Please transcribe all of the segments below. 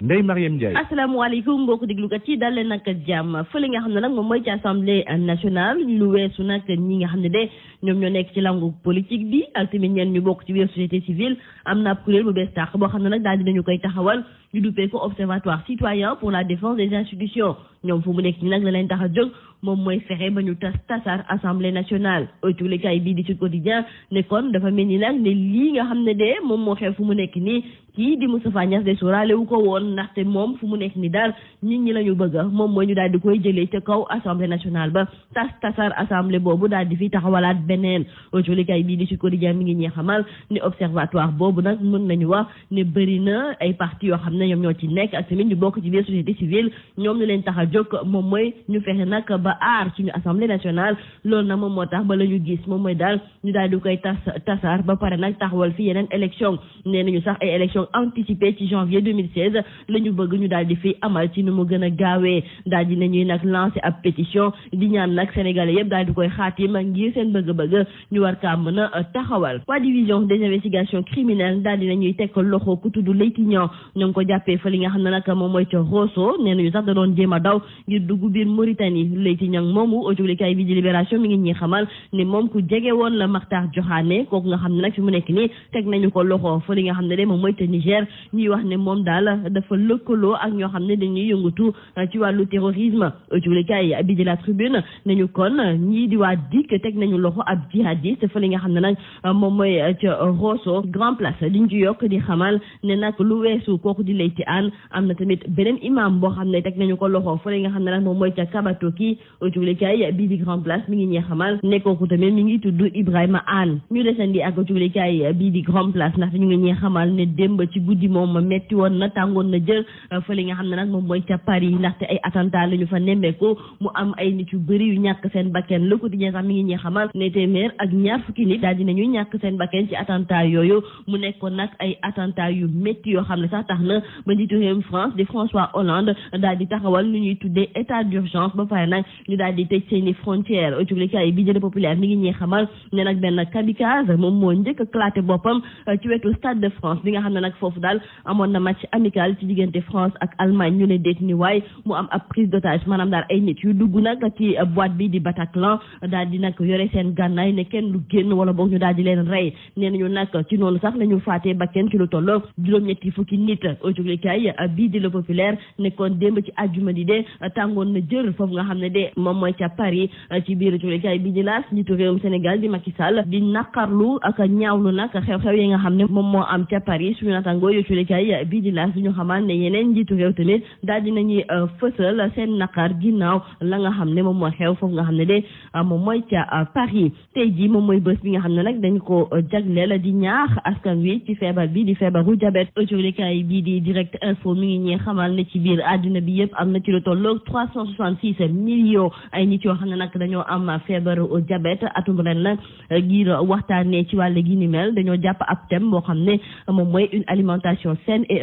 Ndeye Mariam Ndiaye asalaamaaleykum mbokk déglukat yi daal leen nag jàmm fële nga xam ne nag moom mooy ci assemblée nationale lu weesu nag ñi nga xam ne de ñoom ñoo nekk ci langu politique bi ak tamit ñeen ñu bokk ci weer société civile am na ab kuréel bu bees tàq boo xam ne nag daal dinañu koy taxawal ñu duppee ko observatoire citoyen pour la défense des institutions ñoom fu mu nekk nii nag la leen tax a jóg moom mooy fexe ba ñu tas tasaar assemblée nationale bii di Sud Quotidien ne kon dafa mel ni nag ne lii nga xam ne de moom moo xew fu mu nekk nii kii di Moustapha Niass de sóoraale wu ko woon ndaxte moom fu mu nekk nii daal nit ñi la ñu bëgg moom mooy ñu daal di koy jëlee ca kaw assemblée nationale ba tas tasaar assemblée boobu daal di fi walaat beneen autolekaay bii di Sud Quotidien mi ngi ñee xamal ne observatoire boobu nag mën nañu wax ne bëri na ay parti yoo xam ne ñoom ñoo ci nekk ak tamit ñu bokk ci biir société civile ñoom ñu leen tax a moom mooy ñu fexe nag ba aar suñu assemblée nationale loolu nag moom moo tax ba la ñu gis moom mooy daal ñu daal di koy tas tasaar ba pare nag taxawal fi yeneen élection nee nañu sax ay élection anticipée ci janvier 2016 la ñu bëgg ñu daal di fiy amal ci nu mu gën a gaawee daal di ñuy nag lancé ab pétition di ñaan nag sénégalais yëpp daal di koy xaatim ngir seen bëgg-bëgg ñu war kaa mën a euh, taxawal waa division des investigations criminelles daal di nañuy teg loxo ku tudd Leyti Niang ñoo ngi ko jàppee fa li nga xam ne nag moom mooy ca Rosso nee nañu sax da a daw ngir dugg biir Mauritanie Leyti Niang moomu autolikaay bi di la Mactar Diokhane kooku nga xam ne nag fi mu nekk nii teg nañu ko loxo fa li nga xam ne de moom mooy ca Niger ñuy wax ne moom daal dafa la tribune nañu kon ñii di li nga xam ne nag moom mooy ca Rosso grand place diñ ci yokk di xamal ne nag lu weesu kooku di lay ci aan am na tamit beneen imam boo xam ne teg nañu ko loxo fële nga xam ne nag moom mooy ca Kabatoki cuglikaay bii di grand place mi ngi ñee xamal ne kooku mi ngi tudd Ibrahima Anne ñu desandi ak cuglikaay bii di grand place ndax ñu ngi ñee xamal ne démb ci guddi moom ma metti woon na tàngoon na jër euh, fële nga xam ne nag moom mooy ca Paris ndaxte ay attentat la ñu fa nemmeeku mu am ay nit yu bëri yu ñàkk seen bakken le quotidien sax mi ngi ñee xamal ne téeméer ak ñaar fukki nit daal dinañu ñàkk seen bakken ci attentat yooyu mu nekkoon nag ay attentat yu métti yoo xam ne sax tax na ba njiitu réewum France di François tuddee état d'urgence ba daal di tëj seeni bi jële populaire ngi ñuy xamal ne nag benn kamikaze moo njëkk a claté boppam euh, ci wetu Stade de bi nga xam ne nag foofu daal amoon na match amical ci diggante France ak Allemagne ñu ne déet ni waay mu am ab prise d'otage maanaam daal ay nit yu dugg nag ci boîte bi di Bataclan daal di nag yore seen gànnaay ne kenn lu génn wala boog ñu daal di leen rey nee nañu nag ci noonu sax la ñu faatee ba kenn ci lu tolloo juróom-ñetti fukki nit yëglekaay bii di le populaire nekkoon démb ci àjjuma di de tàngoon na jër foofu nga xam ne de moom mooy ca Paris njiitu réewum Sénégal di Macky Sall di naqarlu ak ñaawlu nag xew nga xam ne moom moo am ca Paris suñu naataangoo yëglekaay bii di laas di ñu xamaan euh, la nga xam ne moom moo xew foofu nga xam ne de euh, moom mooy ca euh, Paris tey jii moom mooy bés bi nga xam ne nag dañ ko jagleel di ñaax askan wi ci feebar bi di feebaru jabet yëglekaay bii di direct info mi ngi ñee xamal ne ci biir àddina bi yëpp am na ci lu tolloog trois cent soixante six millions ay nit yoo xam ne nag dañoo am feebaru diabète atum ren euh, nag ci wàll gi ni dañoo jàpp ab thème boo xam ne moom mooy une alimentation saine et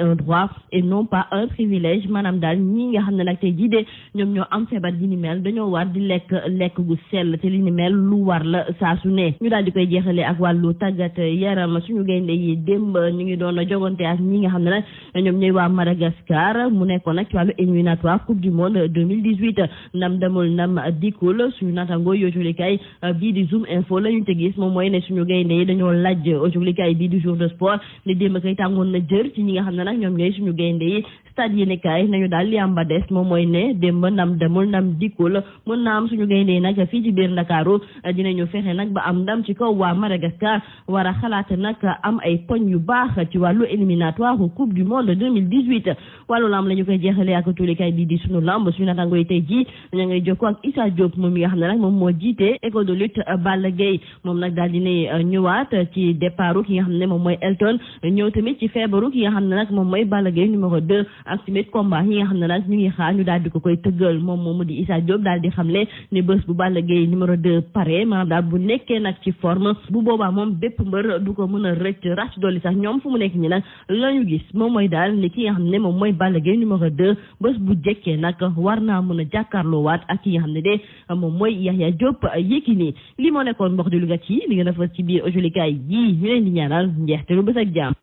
maanaam daal ñi nga xam ne nag tey jii de ñoom ñoo am feebar gi ni mel dañoo war di lekk lekk gu sell te li ni mel lu war la saa su ne ñu dal di koy jeexalee ak wàllu tàggat yaram suñu gaynde yi démb ñu ngi doon jogante ak ñi nga xam ne nag ñoom ñoom ñooy waa Madagascar mu nekkoon nag ci wàllu éliminatoire coupe du monde 2018 ndam demul ndam dikkul suñu naataango yi yooculikay euh, bii di zoom info la ñu te gis moom mooy ne suñu gaynde yi dañoo laaj yooculikay de sport ne démb kay tàngoon na jër ci ñi nga xam ne nag ñoom ñooy suñu nañu daal li am ba des moom mooy ne démb ndam demul ndam dikkul mën na am suñu gaynde yi nag fii ci biir Ndakaaru euh, dinañu fexe nag ba am ndam ci kaw waa Madagascar war a xalaat nag am ay poñ yu baax ci wàllu éliminatoire coupe du monde 2018 wàllu lamb la ñu koy jeexalee ak tuulikaay bii di sunu lamb suñu naataango yi tey jii ñu ngay jokkoo ak Issa Diop moom mi nga xam ne nag moom moo jiite école euh, ki nga xam ne moom mooy Elton ñëw tamit ci feebaru ki nga xam ne nag moom mooy Balla Gaye numéro 2 ak tamit combat yi nga xam ne nag ñu ngi xaar ñu daal di ko koy tëggal moom moomu di Issa Diop daal di xam ne ni bés bu Balla Gaye numéro 2 pare maanaam daal bu nekkee nag ci forme bu boobaa moom bépp mbër du ko mën a rëcc rac dolli sax ñoom fu mu nekk ñi la ñu daal ne ki nga ne moom mooy Balla Gaye numéro 2 bés bu jekkee nag war naa mën a jàkkaarloowaat ak ki nga xam ne de moom mooy Yahya Diop Yékini li moo nekkoon mbokk di lu gat yi li ngeen a fas ci biir aujolikaay yii ñu leen di ñaanal te lu bés ak jàmm